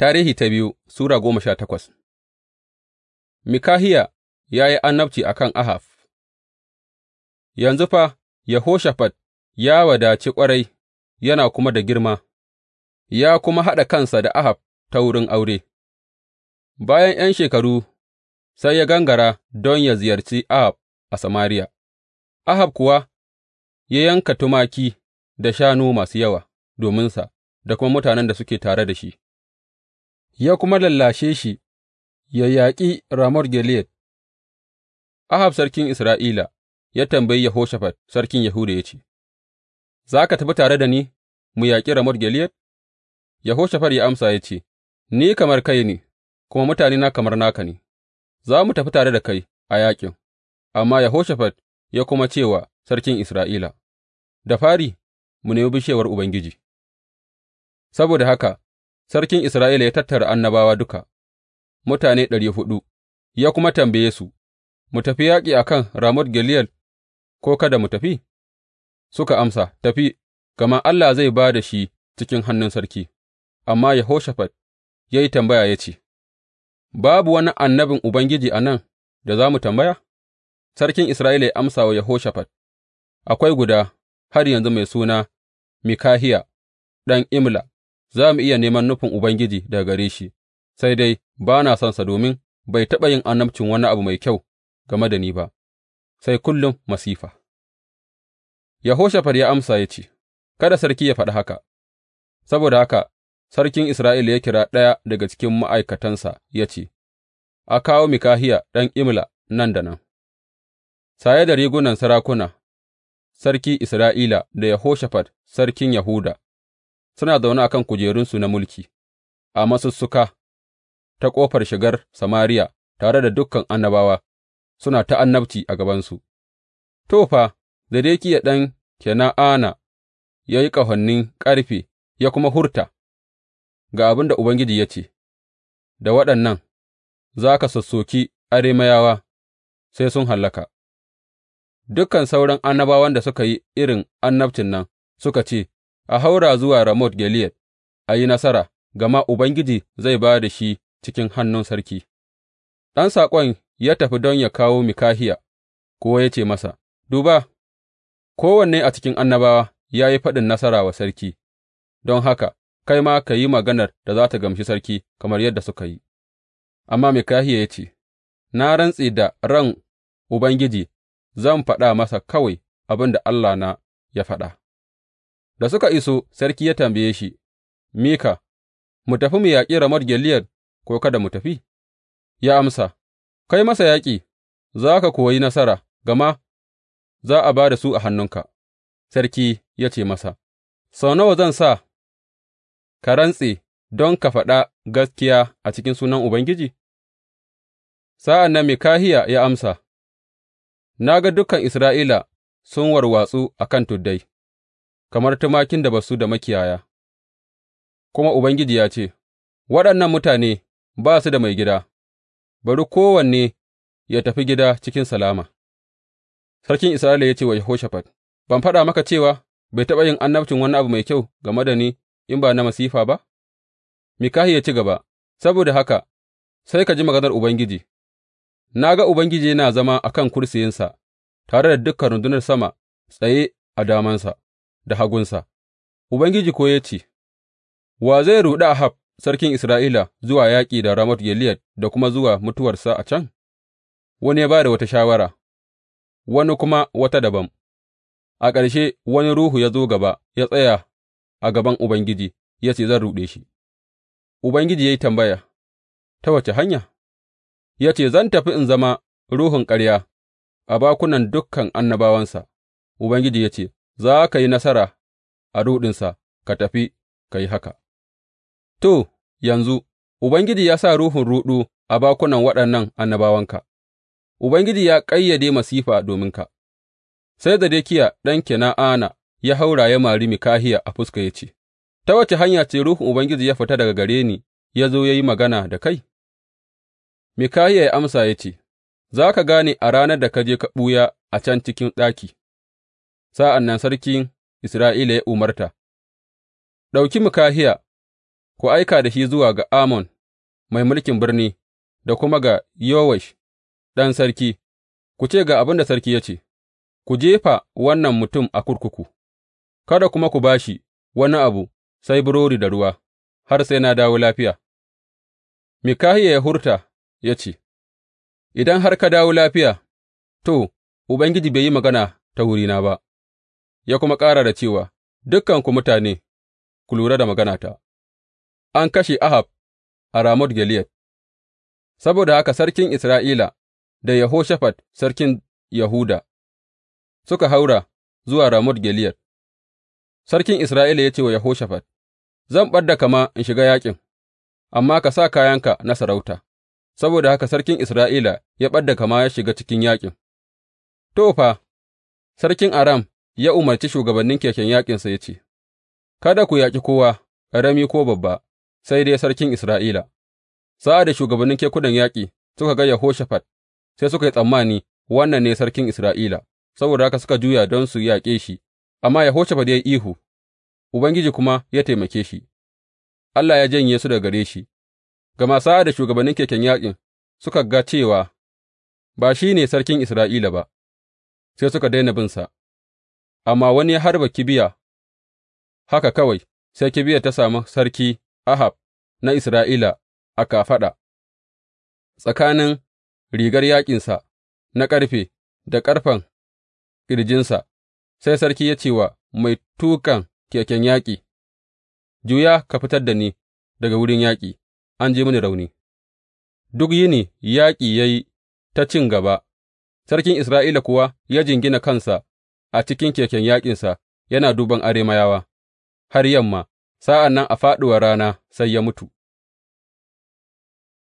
Tarihi ta biyu Sura goma sha takwas Mikahiya ya yi annabci a kan Ahab Yanzu fa, Yahoshafat ya wadaci ƙwarai yana kuma da girma, ya kuma haɗa kansa da Ahab ta wurin aure. Bayan ’yan shekaru, sai ya gangara don ya ziyarci Ahab a Samariya, Ahab kuwa ya yanka tumaki da shanu masu yawa dominsa da kuma mutanen da suke tare da shi. ya kuma lallashe shi ya yaƙi Ramot Gileyad. Ahab sarkin Isra'ila ya tambayi Yehoshafat sarkin Yahuda ya ce, Za ka tafi tare da ni mu yaƙi Ramot Gileyad? Yehoshafat ya amsa ya ce, Ni kamar kai ne, kuma mutane na kamar naka ne, za mu tafi tare da kai a yaƙin. Amma Yehoshafat ya kuma ce wa sarkin Isra'ila, Da fari, mu nemi bishewar Ubangiji. Saboda haka sarkin Isra'ila ya tattara annabawa duka, mutane ɗari huɗu, ya kuma tambaye su, Mu tafi yaƙi a kan Ramot Gileyad ko kada mu tafi? Suka amsa, Tafi, gama Allah zai ba da shi cikin hannun sarki. Amma Yehoshafat ya yi tambaya ya ce, Babu wani annabin Ubangiji a nan da za mu tambaya? Sarkin Isra'ila ya amsa wa Yehoshafat, Akwai guda har yanzu mai suna Mikahiya ɗan Imla, za mu iya neman nufin Ubangiji daga gare shi, sai dai ba na sonsa domin bai taɓa yin annabcin wani abu mai kyau game da ni ba, sai kullum masifa. Yahoshafar ya amsa ya ce, Kada sarki ya faɗi haka, saboda haka sarkin Isra'ila ya kira ɗaya daga cikin ma'aikatansa ya ce, A kawo Mikahiya ɗan Imla nan da nan, saye da rigunan sarakuna, sarki Isra'ila da Yehoshafat sarkin Yahuda suna zaune a kan kujerunsu na mulki a masussuka ta ƙofar shigar Samariya tare da dukan annabawa suna ta annabci a gabansu. To, fa, Zedekiya ɗan Kena'ana ya yi ƙahonin ƙarfe ya kuma hurta, Ga abin da Ubangiji ya ce, Da waɗannan za ka sassoki Arameyawa sai sun hallaka, dukan sauran annabawan da suka yi irin annabcin nan suka ce, a haura zuwa Ramot Gileyad a yi nasara, gama Ubangiji zai ba da shi cikin hannun sarki. Ɗan saƙon ya tafi don ya kawo Mikahiya, kuwa ya ce masa, Duba, kowanne a cikin annabawa ya yi faɗin nasara wa sarki, don haka kai ma ka yi maganar da za ta gamshi sarki kamar yadda suka yi. Amma Mikahiya ya ce, Na rantse da ran Ubangiji, zan faɗa masa kawai abin da allah na ya faɗa. Da suka iso, sarki ya tambaye shi, Mika, mu tafi mu yaƙi Ramot Gileyad ko kada mu tafi? Ya amsa, Kai masa yaƙi, za ka kuwa yi nasara, gama za a ba da su a hannunka. Sarki ya ce masa, Sau nawa zan sa ka rantse don ka faɗa gaskiya a cikin sunan Ubangiji? Sa'an nan Mikahiya ya amsa, Na ga dukan Isra'ila sun warwatsu a kan tuddai. kamar tumakin da ba su da makiyaya, kuma Ubangiji ya ce, Waɗannan mutane ba su da mai gida, bari kowanne ya tafi gida cikin salama. Sarkin Isra'ila ya ce wa Yehoshafat, Ban faɗa maka cewa bai taɓa yin annabcin wani abu mai kyau game da ni in ba na masifa ba? Mikahi ya ci gaba, saboda haka sai ka ji maganar Ubangiji, na ga Ubangiji yana zama a kan kursiyinsa tare da dukan rundunar sama tsaye a damansa. da hagunsa, Ubangiji kuwa ya ce, Wa zai ruɗi Ahab sarkin Isra'ila zuwa yaƙi da Ramot Gileyad da kuma zuwa mutuwarsa a can? Wani ya ba da wata shawara, wani kuma wata dabam. A ƙarshe wani ruhu ya zo gaba ya tsaya a gaban Ubangiji ya ce, Zan ruɗe shi. Ubangiji ya yi tambaya, Ta wace hanya? Ya ce, Zan tafi in zama ruhun ƙarya a bakunan dukkan annabawansa. Ubangiji ya ce, za ka yi nasara a ruɗinsa, ka tafi ka yi haka. To, yanzu, Ubangiji ya sa ruhun ruɗu a bakunan waɗannan annabawanka, Ubangiji ya ƙayyade masifa dominka. Sai Zedekiya ɗan Kena'ana ya haura ya mari Mikahiya a fuska ya ce, Ta wace hanya ce Ruhun Ubangiji ya fita daga gare ni ya zo ya yi magana da kai? Mikahiya ya amsa ya ce, Za ka gane a ranar da ka je ka ɓuya a can cikin ɗaki, Sa'an nan sarkin Isra'ila ya umarta, Ɗauki Mikahiya ku aika da shi zuwa ga Amon mai mulkin birni da kuma ga Yowash ɗan sarki, ku ce ga abin da sarki ya ce, Ku jefa wannan mutum a kurkuku, kada kuma ku ba shi wani abu sai burodi da ruwa, har sai na dawo lafiya. Mikahiya ya hurta ya ce, Idan har ka dawo lafiya, to, Ubangiji bai yi magana ta wurina ba. ya kuma ƙara da cewa, Dukanku mutane, ku lura da maganata, an kashe Ahab a Ramot Gileyad, saboda haka sarkin Isra'ila da Yehoshafat sarkin Yahuda suka haura zuwa Ramot Gileyad. Sarkin Isra'ila ya ce wa Yehoshafat, Zan ɓad da kama in shiga yaƙin, amma ka sa kayanka na sarauta, saboda haka sarkin Isra'ila ya ɓad da kama ya shiga cikin yaƙin. To, fa, sarkin Aram ya umarci shugabannin keken yaƙinsa ya ce, Kada ku yaƙi kowa, ƙarami ko babba, sai dai sarkin Isra'ila. Sa'ad da shugabannin kekunan yaƙi suka ga Yehoshafat, sai suka yi tsammani wannan ne sarkin Isra'ila, saboda haka suka juya don su yaƙe shi, amma Yehoshafat ya yi ihu, Ubangiji kuma ya taimake shi, Allah ya janye su daga gare shi, gama sa'ad da shugabannin keken yaƙin suka ga cewa ba shi ne sarkin Isra'ila ba, sai suka daina binsa. amma wani ya harba kibiya haka kawai, sai kibiyar ta sami sarki Ahab na Isra'ila a kafaɗa, tsakanin rigar yaƙinsa na ƙarfe da ƙarfen ƙirjinsa, sai sarki ya ce wa mai tukan keken yaƙi, Juya ka fitar da ni daga wurin yaƙi, an ji mini rauni. Duk yini yaƙi ya yi ta cin gaba, sarkin Isra'ila kuwa ya jingina kansa a cikin keken yaƙinsa yana duban Arameyawa har yamma, sa'an nan a fāɗuwar rana sai ya mutu.